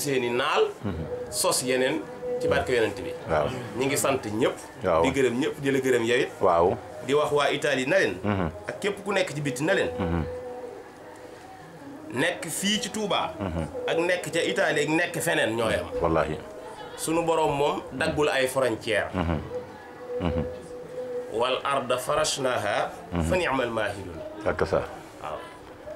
seeni naal sos yeneen ci barke yonent bi ñi ngi sant ñëpp di gërëm ñëpp di la gërëm yow waaw di wax waa Italie na leen mhm. ak képp ku nekk ci biti na leen mhm. nekk fii ci Touba mhm. ak nekk ca Italie ak nekk feneen ñoo yam sunu boroom moom daggul ay frontière wal arda farashnaha fa ni'mal maahidun ak sa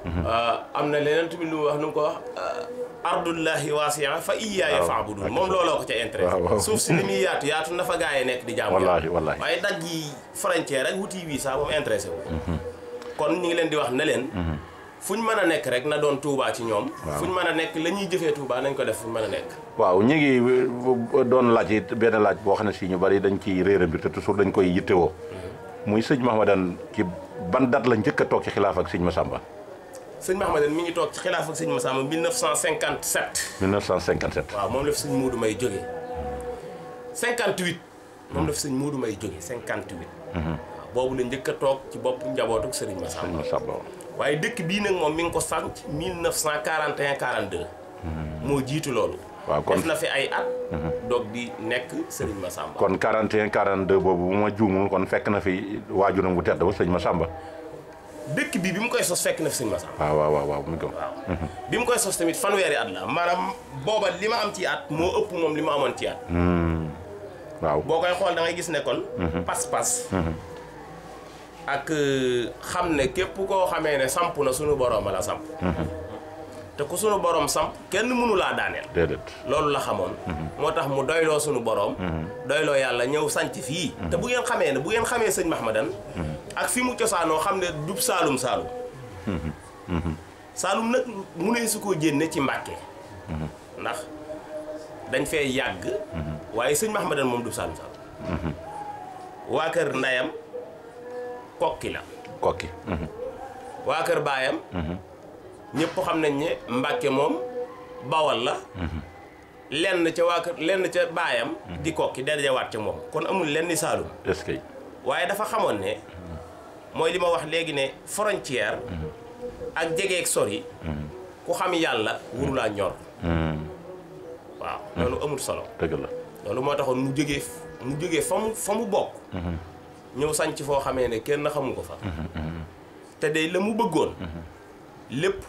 Euh, am na leneen tamit lu wax nu mu ko wax euh, ardullahi waasi'a fa iyyaaya fa'budun moom looloo ko ca intérêt suuf si ni muy yaatu yaatu na fa gaa yi nekk di jaamu wallaahi wallaahi waaye daj yi frontière ak wuti wii saa moom intéressé wu mhm. kon ñu ngi leen di wax ne leen mhm. fu ñu mën a nekk rek na doon Touba ci ñoom fu mën a nekk la ñuy jëfee Touba nañ ko def fu mën a nekk waaw ñu ngi doon laaj yi benn laaj boo xam ne si ñu bari dañ ciy réera bi te toujours dañ koy yittewoo mhm. muy sëñ ma ci ban date la njëkk a toog ci xilaaf ak sëñ Massamba sëñ ma Mahamadan mi ngi toog ci xilaaf ak sëñ Massamba 1957. 1957 waaw moom la fi sëñ Moodu May jógee 58. moom la fi sëñ Moodu May jógee 58. Mhm. waaw boobu la njëkk a toog ci bopp njabootu sëriñ Massamba. waaye dëkk bii nag moom mi ngi ko sànc 1941 42. Mhm. moo jiitu loolu. waaw kon def na fi ay at. Mhm. doog di nekk ma Massamba. kon 41 42 boobu bu ma juumul kon fekk na fi waajuram bu tedd ba ma Massamba. dëkk bi bi mu koy sos fekk na fi sëñ Massa. Ah, waaw waaw waaw mhm. bi mu koy sos tamit fanweeri at la maanaam booba li ma am ci at moo ëpp moom li ma amoon ci at. Hmm. boo koy xool da gis ne kon. Mhm. pas-pas. Mhm. ak euh, xam ne képp koo xamee ne samp na sunu borom la samp. te ku sunu boroom samp kenn mënu laa daaneel. loolu la xamoon. Mm-hmm. moo tax mu doyloo sunu boroom mm-hmm. doyloo yàlla ñëw sanc fii. Mm-hmm. te bu ngeen xamee ne bu ngeen xamee sëñ Mahmadan ak fi mu cosaanoo xam ne dub Saalum Saalum. Saalum nag mu ne ci Mbàkke ndax dañ fee yàgg. waaye sëñ Mahmadan moom dub Saalum Saalum. waa kër ndeyam kokki la. kokki. waa kër baayam. ñëpp xam nañ ne Mbàkke moom bawal la lenn ca waa kër lenn ca baayam di kokki dajawaat ca moom kon amul lenn saalum est que waaye dafa xamoon ne mooy li ma wax léegi ne frontière ak jegeeg sori ku xam yàlla wurulaa ñor waaw loolu amul solo dëgg la loolu moo taxoon mu jóge mu jóge fa mu fa mu bokk ñëw sanc foo xamee ne kenn xamu ko fa mm-hmm. te day la mu bëggoon mm-hmm. lépp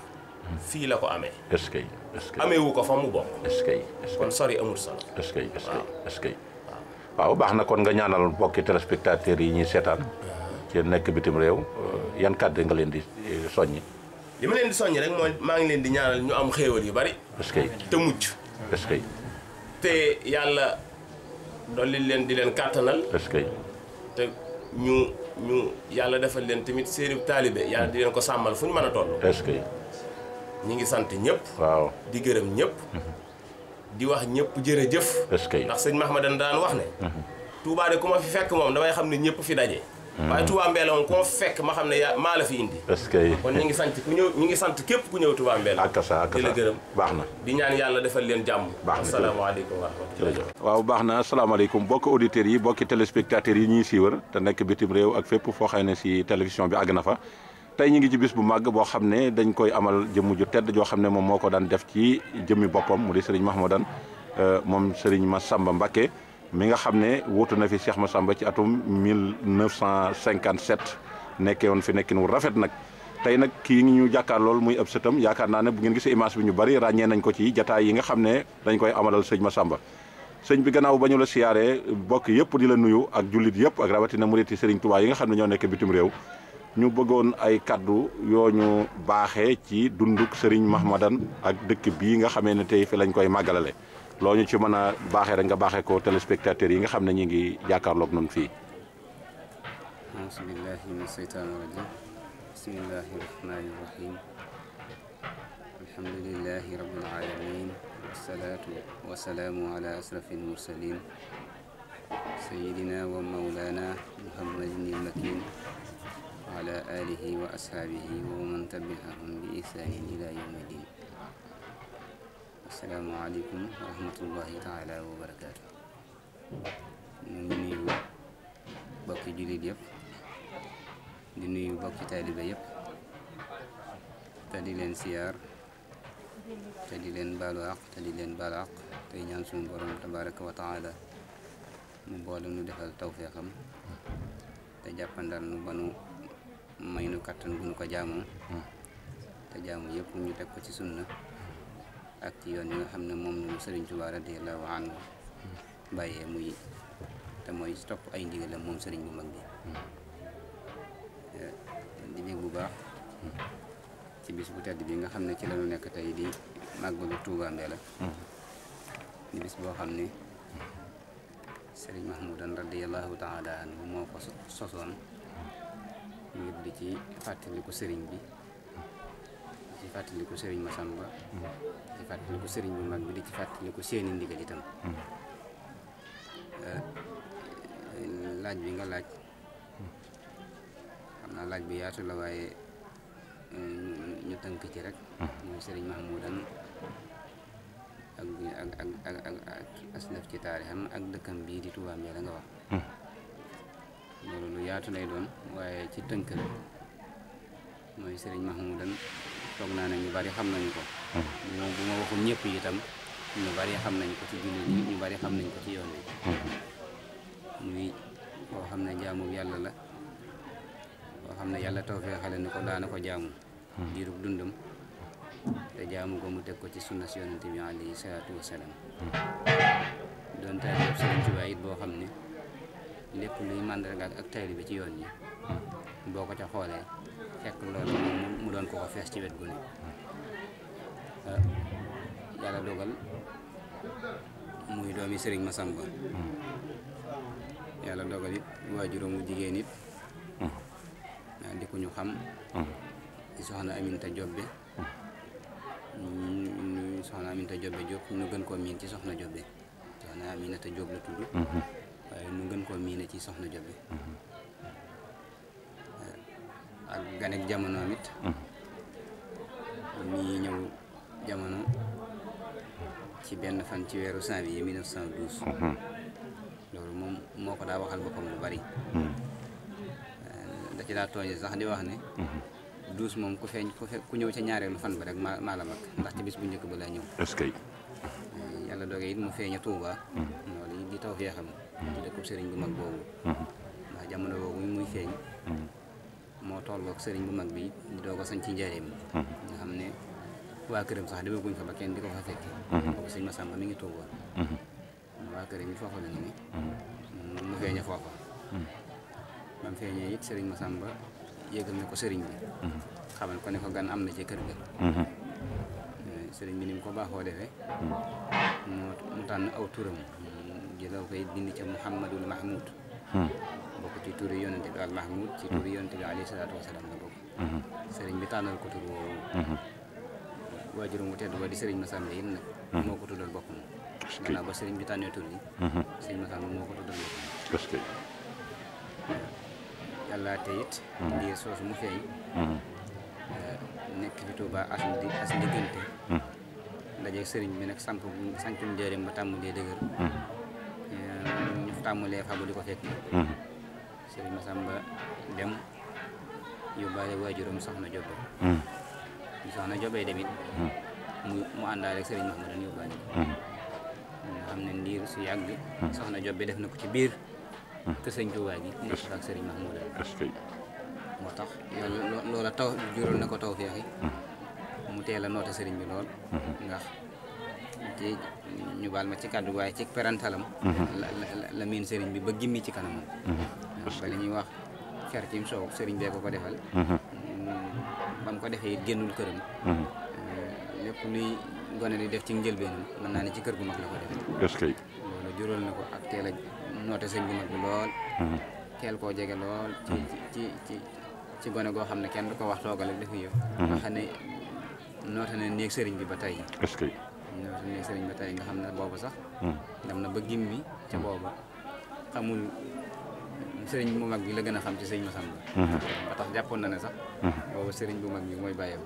fii la ko amee. est-ce que que amee ko fa mu bokk. est-ce que est que kon sori amul solo. est waaw baax na kon nga ñaanal mbokki téléspectateurs yi ñuy seetaan. Uh-huh. ci nekk bitim réew. Uh, yan kàddu nga leen di uh, soññi. li ma leen di soññi rek mooy maa ngi leen di ñaanal ñu am xéewal yu bari. est que te mucc. est que te yàlla dolli leen di leen kàttanal. est-ce que te ñu ñu yàlla defal leen tamit seeni taalibe yàlla di leen ko sàmmal fu ñu mën a toll. est ñi ngi sant ñëpp. waaw di gërëm ñëpp. di wax ñëpp jërëjëf. ndax sëñ Mahmadan daan wax ne. Mhm. Touba de ku ma fi fekk moom damay xam ne ñëpp fi daje. Mhm. waaye Touba Mbella moom ku ma fekk ma xam ne yaa maa la fi indi. kon ñu ngi sant ku ñëw ñu ngi sant képp ku ñëw Touba ak sa la gërëm. baax na di ñaan yàlla defal leen jàmm. baax na asalaamaaleykum wa rahmatulah. waaw baax na asalaamaaleykum mbokki auditeurs yi mbokki téléspectateurs yi ñuy siiwar te nekk bitim réew ak fépp foo xam ne si télévision bi àgg na fa tey ñu ngi ci bis bu màgg boo xam ne dañ koy amal jëmm ju tedd joo xam ne moom moo ko daan def ci jëmmi boppam mu di sëriñ Mahmoudan euh, moom sëriñ Massamba Mbacké mi nga xam ne wuutu na fi Cheikh Massamba ci atum 1957 nekkee woon fi nekkin wu rafet nag tey nag kii ngi ñu jàkkaar lool muy ëpp sëtam yaakaar naa ne bu ngeen si image bi ñu bari ràññee nañ ko ci jataa yi nga xam ne dañ koy amalal ma Massamba sëñ bi gannaaw ba ñu la siyaaree bokk yëpp di la nuyu ak jullit yëpp ak na murit yi sëriñ Tuubaa yi nga xam ne ñoo nekk bitim réew ñu bëggoon ay kàddu yoo ñu baaxee ci dunduk Serigne Mahmadan ak dëkk bii nga xamee ne tey fi lañ koy màggalale loo ñu ci mën a baaxee rek nga baaxee ko téléspectateurs yi nga xam ne ñu ngi jàkkaarloog noonu fii. bismillahi min seytaan rajim bismillahi rahmani rahim wa ala alihi wa ashaabihi wa man tabi'ahum bi ihsaanin ila yawmi din assalaamu aleykum wa rahmatullahi wa barakaatu ñu nuyu bokki jullit yëpp di nuyu bokki taalibe yëpp te di leen siyaar te di leen baalu àq te di leen baalu tey ñaan suñu tabaraka wa taala mu boole nu defal tawfeexam te jàppandal nu banu may nu kattan bu nu ko jaamoo hmm. te jaamu yëpp ñu teg ko ci sunna ak ci yoon yi nga xam ne moom la Sëriñ Tuubaa radiyallaahu anhu bàyyee muy te mooy topp ay ndigalam moom sëriñ bu mag bi hmm. di bég bu baax hmm. ci bis bu tedd bi nga xam ne ci la ñu nekk tey di màggalu Tuubaa Mbeela di bis boo xam ne sëriñ Mahmoudan radiyallaahu taala anhu moo ko sosoon di ci fàttaliku sëriñ bi ci fàttaliku sëriñ Masamba di ci fàttaliku sëriñ bu mag bi di ci fàttaliku seeni ndigal itam laaj bi nga laaj xam naa laaj bi yaatu la waaye ñu tënk ci rek mooy sëriñ Mahmoudan ak ak ak ak ci taarixam ak dëkkam bii di Touba Mbella nga wax loolu lu yaatu lay doon waaye ci tënk rek mooy sëriñ Mahmoudan foog naa ne ñu bari xam nañu ko mm-hmm. moom bu ma waxul ñëpp itam ñu bari xam nañ ko ñu bari xam nañ ko ci yoon yi mm-hmm. muy koo xam ne jaamu yàlla la koo xam ne yàlla tawfeexale ni ko daana ko jaamu mm-hmm. diirub dundam te jaamu ko mu teg ko ci sunna si yonente bi boo xam ne lépp luy màndargaal ak taalibe ci yoon yi boo ko ca xoolee fekk loolu mu doon ko ko fees ci wet gu ne euh, yàlla dogal muy doomi sëriñ Masamba yàlla dogal it juróom wu jigéen it hmm. di ku ñu xam hmm. di soxna Aminta Jobbe ñu hmm. soxna Aminta Jobbe Jóob ñu gën koo miin ci soxna Jobbe soxna Aminata Jóob la tudd waaye nu gën koo miine ci soxna Jóob bi ak ganek jamonoom it ñëw jamono ci benn fan ci weeru janvier 1912 loolu moom moo ko daa waxal boppam lu bari da ci daa tooñe sax di wax ne douze moom ku feeñ ku fe ku ñëw ca ñaareelu fan ba rek maa maa la mag ndax ci bis bu njëkk ba laa ñëw est-ce mu feeña Tuuba hmm. ci taw feexam ci mm-hmm. dëkku sëriñ bu mag boobu mm-hmm. ndax jamono boobu muy feeñ mm-hmm. moo tolloog sëriñ bu mag bi di sañ ci njëriñ nga xam ne waa këram sax demaguñ fa ba kenn di ko fa fekk boobu sëriñ Masamba mi ngi toogoon waa këram yi foofa la ñu ne mu feeñe foofa ba mu feeñee ko sëriñ bi xamal ko ne ko gan am na ci kër ga eh, sëriñ bi ni ko baaxoo defee mu tànn aw turam ji doo koy bind ca Muhammadul Mahmoud hmm. bokk ci turi yonente bi al Mahmoud ci turi hmm. yonente bi alayhi wasalaam la bokk hmm. sëriñ bi tànnal ko tur woowu waajuram wu tedd ba di sëriñ Masamba yi bi tànnee tur bi moo ko tuddal boppam yàlla te it ndiir soosu mu feeñ eh, nekk fi Tuuba as di as sëriñ bi nag samp sancum njëriñ ba tàmmulee dëgër tàmmulee fabu di ko fekk na mhm. sëriñ Masamba dem yóbbaale waajuram soxna Jobe mhm. ñu soxna Jobe demit mhm. mu mu ak sëriñ Mahamadan yóbbaale nga xam ne ndiir su yàgg soxna Jobe def na ko ci biir te sëñ Tuubaa gi nekk ak tax loola taw jural na ko taw feexi mu teel a noota sëriñ bi lool ndax ci ñu baal ma ci kàddu waaye ci perantalam mhm. la la miin sëriñ bi ba gimmi ci kanamam mhm. ba li ñuy wax fer cim soow sëriñ bee ko ko defal mhm. mm, ba mu ko defee it génnul këram eh, lépp luy gone di def ci njëlbeenam ma naa ne ci kër gu mag la ko defee est-ce que loolu ko ak teel a noote bu mag bi lool teel koo jege lool ci ci ci ci gone goo xam ne kenn du ko wax toogal ak dafa yëpp nga xam noote na néeg sëriñ bi ba tey ñoo ñooy sëriñ ba tey nga xam ne boobu sax. Hmm. dem na ba gimmi ca hmm. boobu xamul sëriñ bu mag bi la gën a xam ci sëriñ Masamba. Hmm. ba tax jàppoon na ne sax. sëriñ bu mag bi mooy bàyyam.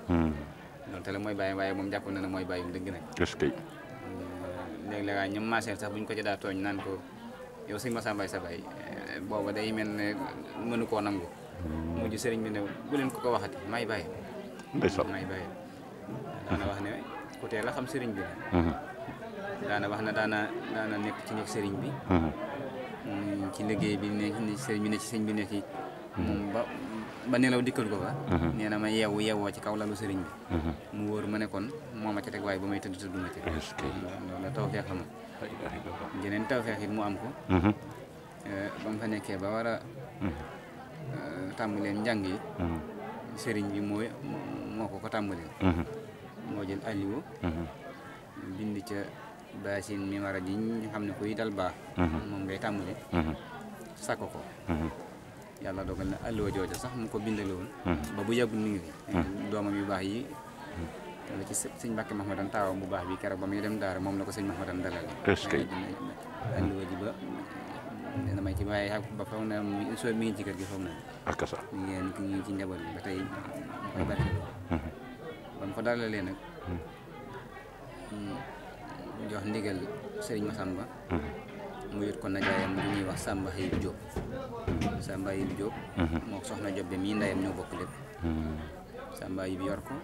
loolu te la mooy bàyyam waaye moom jàppoon na ne mooy bàyyam dëgg nag. est-ce que. léeg-léeg ñoom maasee sax buñ ko ci daa tooñ naan ko yow sëriñ Masamba sa baay eh, booba day mel ne mënu koo nangu. mujj sëriñ bi ne bu leen ko ko waxati may bàyyam. ndeysaan may bàyyam daana wax ne. ku teel a xam sëriñ bi mhm. daana wax na daana daana nekk ci nekk sëriñ bi mhm. mm, ci liggéey bi ne sëriñ bi ci sëriñ bi ne ci moom mm, ba ba nelaw dikkal ko fa mhm. nee na ma yeewu yeewoo ci kaw lalu sëriñ bi mu wóor ma ne moom moo ma ca teg waaye ba may tëdd tëdd ma ci loolu la tawfeex xam jeneen tawfeex it mu am ko eh, ba fa nekkee ba war a eh, tàmbaleen njàng yi sëriñ bi moo moo ko ko tàmbaleen moo jël aliwo mhm. bind ca baasin mi war ji ñu xam ne kuy dal baax mhm. moom ngay tàmmale mhm. sakko ko yàlla dogal na aliwo jooja sax mu ko bindale woon ba bu yàggul mi ngi doomam yu baax yi wala ci sëñ Mbàkke Mahmadan taawam bu baax bi keroog ba muy dem daara moom la ko sëñ Mahmadan dalal aliwo ji ba damay ci waaye ak ba foog na mi ngi ci kër gi foog na ak sa mi ngi ci njaboot bi ba tey koy barke ko dalalee nag jox ndigal sëriñ Masamba mu yut ko najaayam bu ñuy wax Samba Xayib Diop moo soxna Diop bi mii ndayam ñoo bokk lépp Samba Xayib yor ko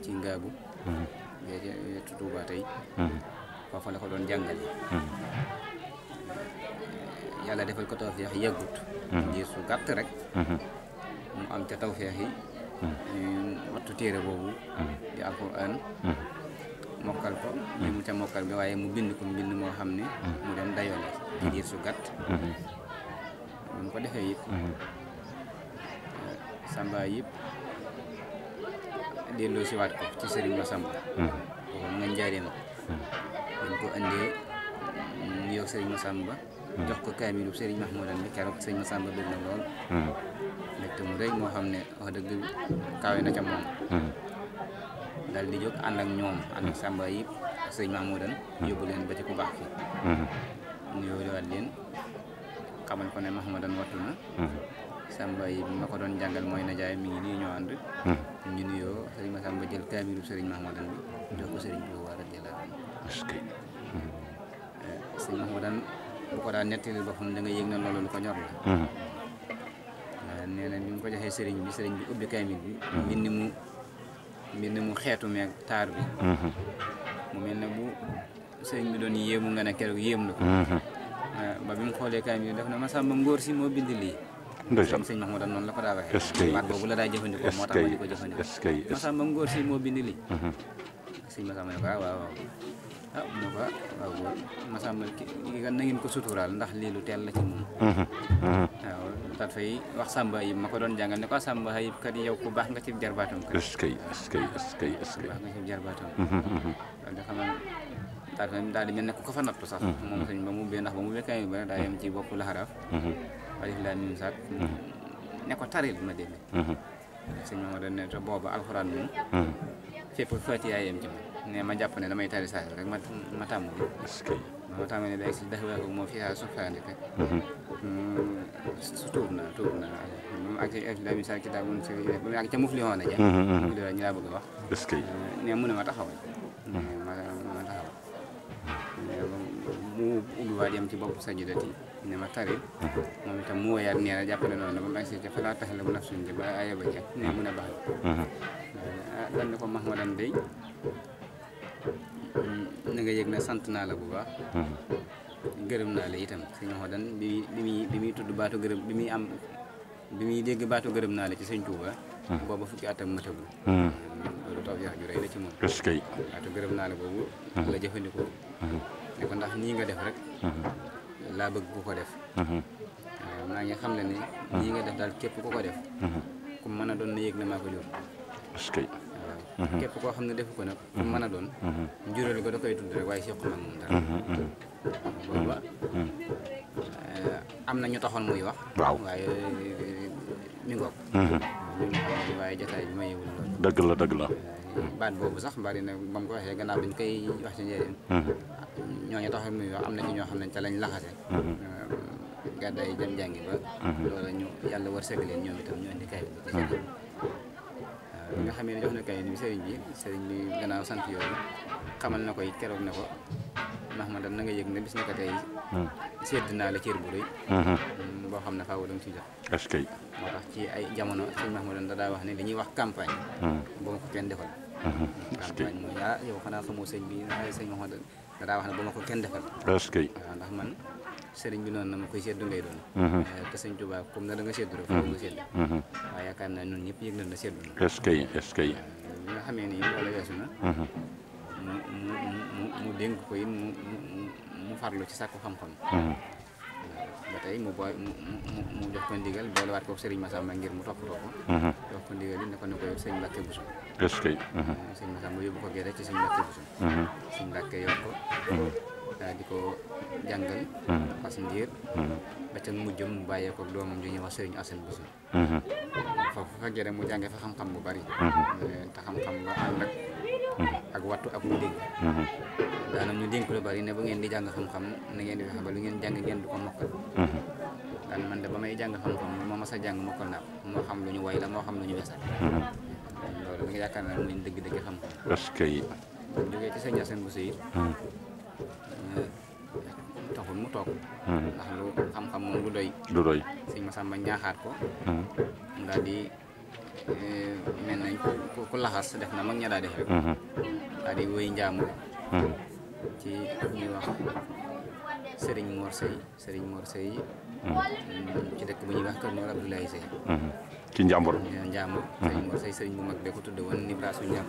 ci ngaagu géej Tuuba tey foofa la ko doon jàngale yàlla defal ko tawfeex yàggut ngir su gàtt rek mu am ca tawfeex yi wattu téere boobu di alquran mokkal ko li mu ca mokkal bi waaye mu bind ko mbind moo xam ne mu dem dayoo la ci su gàtt mu ko defee it samba yëpp delloo si waat ko ci sëriñ ma samba boobu ko indee mu sëriñ ma samba jox ko kaamilu sëriñ sëriñ ma samba bir na lool mbégte mu rëy moo xam ne wax dëgg kawe na ca moom hmm. dal di jóg ànd ak ñoom ànd ak hmm. sàmba yi sëñ Maamoudan hmm. yóbbu leen ba ci ku baax ki nuyoo waat leen xamal ko ne Mahamadan wattu na sàmba yi bi ko doon jàngal mooy na jaay mi ngi nii ñoo ànd ñu nuyoo sëñ ma sàmba jël kaamilu sëriñ Mahamadan bi jox ko sëriñ bi war a jëlaat eh, sëñ Mahamadan bu ko daan nettali boppam da nga yëg na loolu lu ko ñor la nee na ni mu ko joxee sëriñ bi sëriñ bi ubbi kaamil bi mbind mu mhm. mu xeetu meeg taar bi mhm. mu mel ne bu sëriñ bi doon yéemu nga ne keroog yéem la ko mhm. eh, ba bi mu xoolee kaamil bi daf ne Masamba Ngóor si moo bind lii ndeysaan sëñ Mahmoudan noonu la ko daa waxee est-ce que la daa jëfandikoo moo tax ma di ko jëfandikoo Masamba Ngóor si moo bind lii sëñ Masamba ne ko ah, ah mu ne ko ah, waaw Massamba kii kan na ngeen ko suturaal ndax lii lu teel la ci moom. Mhm, mhm. waaw daal fay wax Samba Ayib ma ko doon jàngal ne ko ah, Samba Ayib kat yow ku baax nga ci jarbaatam. est-ce que est-ce que est-ce que est-ce que. baax nga ci jarbaatam. Mhm, daal di mel ne ko fa nattu sax. moom sëñ ba mu bee ndax ba mu bee kañ ba daa yem ci boppu laxaraaf. alif laam miim saat. ne ko taril ma dégg. a Mamadou ne te booba alxuraan moom. fépp Fatiha yem ci ne ma jàpp ne damay tari saa rek ma ma tàmm bi. est-ce que ma tàmm ne léegi si dexu moom fii saa soxlaante rek. a jeex. a mu ne ma taxawal. Mhm. ma ma taxawal. mu ubbiwaat yem ci bopp ma tari mhm. moom itam mu woyaat jàpp ne noonu la ba mu agsi ca fa laa tax la bu naf suñ de ayaba ca ne mu ne baax mhm. dal ni ko Mahmadan day mm, na nga yëg ne sant naa la bu baax mm-hmm. gërëm naa la itam sëñ Mahmadan bi muy bi muy tudd baatu gërëm bi muy am bi muy dégg baatu gërëm naa la ci sëñ Tuuba mm-hmm. booba fukki atam matagul mm-hmm. loolu taw yax ju rëy la ci moom baatu gërëm naa la boobu la jëfandikoo ne ko ndax nii nga def rek laa bëgg ku ko def naa maa ngi xam ne nii nga def daal képp ku ko def ku mën a doon na yëg na maa ko jur Mm-hmm. képp koo xam ne defu ko nag mm-hmm. mën a doon mm-hmm. juróoli ko da koy tudd rek waaye siqu nag moom dara booba eh, am na ñu taxoon muy wax waaw waaye mi ngoog waaye jotaay bi mayewul loolu dëgg la dëgg la eh, baat boobu sax bari na ba mu ko waxee gannaaw dañ koy wax ci ñoo ñooñu taxoon muy wax am na ci ñoo xam ne ca lañ laxase eh, gàddaay jëm jàngi ba loolu ñu yàlla war sëgg leen ñoom itam ñu indi kayit bi bi nga xamee ne jox na kayit bi sëriñ bi sëriñ bi gannaaw sant yooyu xamal na koy keroog ne ko Mahmadan na nga yëg ne bis naka tey hmm. sedd naa la cër bu rëy hmm. Hmm, boo xam ne faaw da nga ci jot askay moo tax ci ay jamono sëñ Mahmadan da daa wax ne dañuy wax campagne bu ma ko kenn defal campagne mooy ah xanaa xamoo sëñ bi sëñ Mahmadan da daa wax ne bu ma ko kenn defal ndax man sëriñ bi noonu na ma koy seddu ngay doon mhm. eh, te sëñ Tuubaa comme na da nga rek foofu nga mhm. waaye yaakaar naa ñun ñëpp yëg na seddu na est-ce que est eh, ni wala mhm. mu mu mu mu dénk ko mu mu farlu ci sàkku xam-xam ba tey mu booy mu mu jox ko ndigal boolewaat ko sëriñ Massamba ngir mu toppatoo ko jox ko ndigal ne ko ne ko yor sëñ Mbàkke Buso est-ce daal di ko jàngal. Hmm. fas ndiir. Hmm. ba ca mu bàyyeekoo ak doomam ju ñuy wax Serigne Assane Bousso. foofu hmm. fa jëlee mu jàngee fa xam-xam bu bari. Eh, te xam-xam ba ànd ak. ak wattu ak mu dégg. daanaka ñu dénk lu bari ne bu ngeen di jàng xam-xam na ngeen di fexe ba lu ngeen jàng ngeen di ko mokkal. daanaka man ba may jàng xam-xam moo mas a jàng mokkal naa moo xam lu ñu way la moo xam lu ñu wesal. loolu da nga yaakaar naa ne mooy dëgg xam-xam. parce que. jógee ci Serigne Assane Bousso yi. toog ndax lu xam-xam moom du doy du doy sëñ Masamba ñaaxaat ko mu daal di eh, mel nañ ku laxas def na mag ña daa def rek daal di wéy njaamu ci ñuy wax sëriñ Mor Sey sëriñ Mor Sey ci dëkk bu ñuy wax kër Mor Abdoulaye Sey ci njàmbur njàmbur sëriñ Mor Sey sëriñ bu mag bee ko tudde woon nibraasu njàm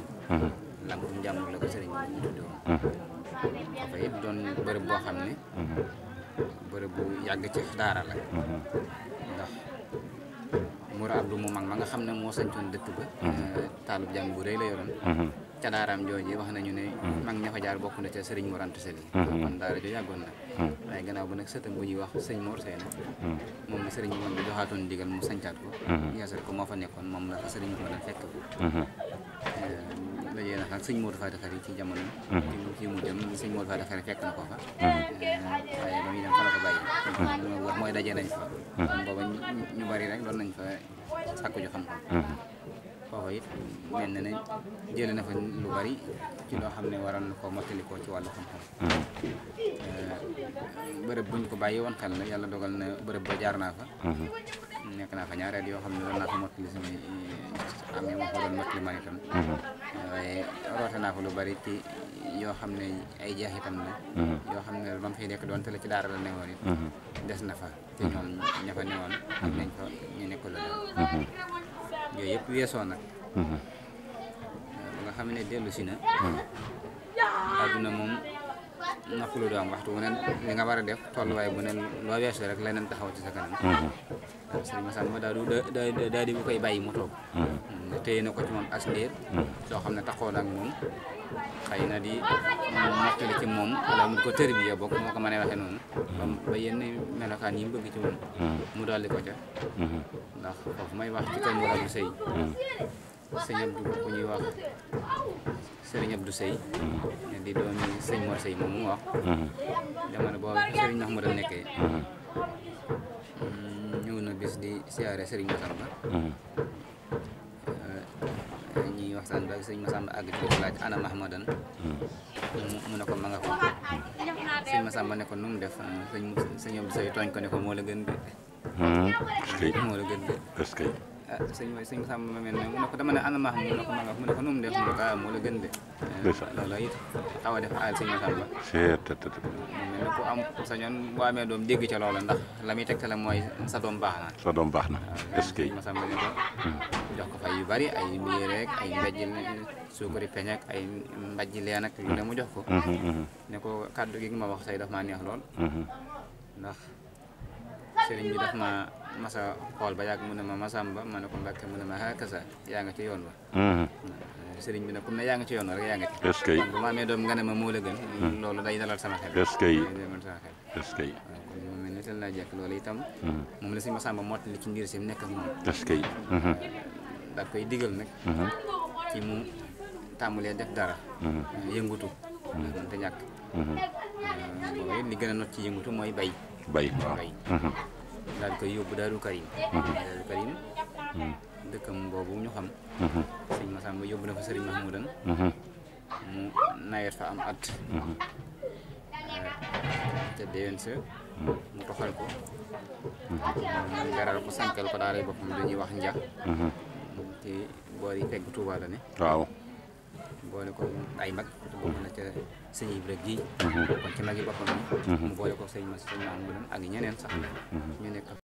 lamp njàmbur la ko sëriñ bu mag tudde woon dafa yëpp doon bërëb boo xam ne bërëb bu yàgg ci daara la ndax Mour mu mag ma nga xam ne moo sañcoon dëkk ba mhm. taalub jàng bu rëy la yoroon mhm. ca daaraam jooju wax nañu ne mhm. mag ña fa jaar bokku na ca Serigne Mor Anta Sali kon daara jo yàggoon na waaye ñuy wax sëñ Mor Seyna moom la Serigne moom bi joxaatoon ndigal mu sañcaat ko yeesal ko moo fa nekkoon moom la fa Serigne fekk ko dajee na ak sëñ Modou Faty Khary ci jamono ci mu jëm sëñ Modou Faty Khary fekk na ko fa waaye ba muy dem fa la ko bàyyi li ma wax mooy dajee nañ fa kon booba ñu bari rek doon nañ fa sàkku ju xam-xam foofa it mel na ne jëlee na fa lu bari ci loo xam ne waroon na koo mottalikoo ci wàllu xam-xam bërëb buñ ko bàyyi woon xel la yàlla dogal na bërëb ba jaar naa fa nekk naa fa ñaareel yoo xam ne doon naa fa mottali samay am yi ma fa doon mottali man itam mhm. waaye roote naa fa lu bari ti yoo xam ne ay jeex itam mhm. yoo xam ne ba mu fiy nekk doon tële ci daara la newoon it mhm. des na fa te ñoom ña fa newoon am nañ ñu nekkul la yooyu yëpp weesoo nag ba nga xam ne dellusi na adduna moom noppalu du am waxtu wu neen li nga war a def tolluwaay bu neen loo weesu rek leneen taxaw ci sa kanam. Mhm. sëriñ Massamba daal du daal di bu koy bàyyi mu toog. Mhm. téye na ko ci moom as ndéer. Mhm. soo xam ne taxoo ak moom xay na di mottali moom mu ko tërbiya bokk moo ko mënee waxee noonu. ba yenn melokaan yi bëgg ci moom. mu dolli ko ca. ndax foofu may wax ci kër Mourad Seye. sëñ Abdou du ñuy wax sëriñ Abdou Seye hmm. di doomi sëñ Mor Seye moom ngi wax jamono boobu sëriñ Mahmoud a nekkee hmm. ñëw hmm. euh, ba sëriñ Massamba àgg ci laaj ana Mahmadan mu ne ko ma nga ko ah, sëñ Massamba ne ko nu mu def sëñ euh, sëñ Abdou Seye tooñ ko ne ko moo la gën de moo la gën de Eh, ah sëñ bi sëñ Samba ma mel ne mu ne ko dama ne ana maax mu ne ko ma nga mu ne ko nu mu def mu ne ko ah moo la gën de. loolu it xaw a def aal sëñ Samba. mu ne ko am sañoon boo amee doom dégg ca loola ndax la muy tegtale mooy sa doom baax na. sa doom baax na est-ce que. sëñ Samba ne ko jox ko fa yu bari ay mbir rek ay mbéj suukari peñ ak ay mbajji leen ak yu ne hmm. mu jox ko. Hmm, hmm, ne ko kàddu gi nga ma wax say daf maa neex lool. ndax. sëriñ bi daf ma masa xool ba yàgg mu ne ma Masamba ma ne ko Mbàkke mu ne ma hakasa ah, yaa nga ci yoon wa mhm. sëriñ bi nag comme ne yaa nga ci yoon wa rek yaa nga ci est-ce que bu ma amee doom nga ne ma moo la gën mhm. loolu day dalal sama xel est-ce que dalal sama xel est-ce que kon mel ne tel naa jekk loolu itam mhm. moom la sëriñ Masamba mottali ci ngir si mu nekk ak moom est-ce que daal koy digal nag ci mu tàmbalee def dara yëngutu mën ta ñàkk boobu li gën a not ci yëngutu mooy bay bay waaw daal koy yóbbu Daaru Karim mhm. Daaru Karim mhm. dëkkam boobu ñu xam mhm. sëñ Massamba yóbbu na fa sëriñ Mahmoudan mu nawet fa am at te déwén sa mu toxal ko garal ko sankal ko daal boppam dañuy wax nja te boor yi pegg Touba ne waaw boole ko ay mag bokk na ca sëñ Ibra gi mhm. kon ci mag yi boppam mhm. mu boole ko sëñ ma sëñ ak ñeneen sax mhm. ñu nekk